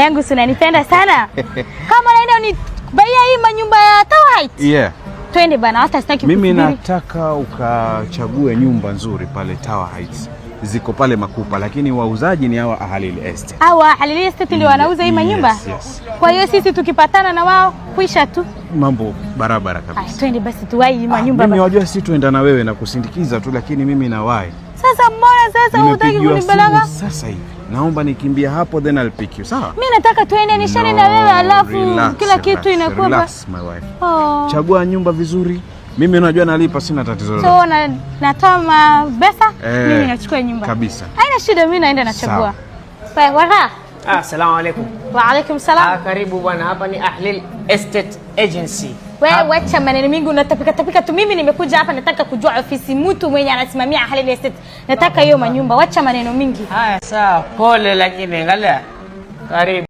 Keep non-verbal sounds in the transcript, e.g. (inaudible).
yangu si unanipenda sana (laughs) kama naenda unibaia hii manyumba ya Tower Heights. Yeah. Twende bana, hata sitaki mimi Nataka ukachague nyumba nzuri pale Tower Heights ziko pale Makupa, lakini wauzaji ni hawa Ahalili Estate. Hawa Ahalili Estate ndio wanauza hii manyumba. Yes, yes. Kwa hiyo sisi tukipatana na wao kuisha tu mambo barabara kabisa. Twende basi tuwai hii ah, manyumba. Mimi wajua, si tuenda na wewe na kusindikiza tu, lakini mimi nawahi sasa mbona sasa hutaki kunibalaga? Sasa hivi naomba nikimbia hapo, then I'll pick you. Sawa, mimi nataka tuende nishane no, na wewe alafu relax, kila kitu inakuwa relax, my wife. Oh. Chagua nyumba vizuri mimi unajua nalipa, sina tatizo lolote. So na, natama pesa eh, mimi nachukua nyumba kabisa, haina shida. Mimi naenda nachagua. Sawa. Ah, salamu Wa alaikum salam. Ah, karibu bwana, hapa ni Ahlil Estate Agency. Wewe ah. wacha maneno mingi unatapika tapika tu. Mimi nimekuja hapa nataka kujua ofisi mtu mwenye anasimamia Ahlil Estate. Nataka ah, hiyo manyumba, wacha maneno mingi. Haya, sawa. Pole lakini angalia. Karibu.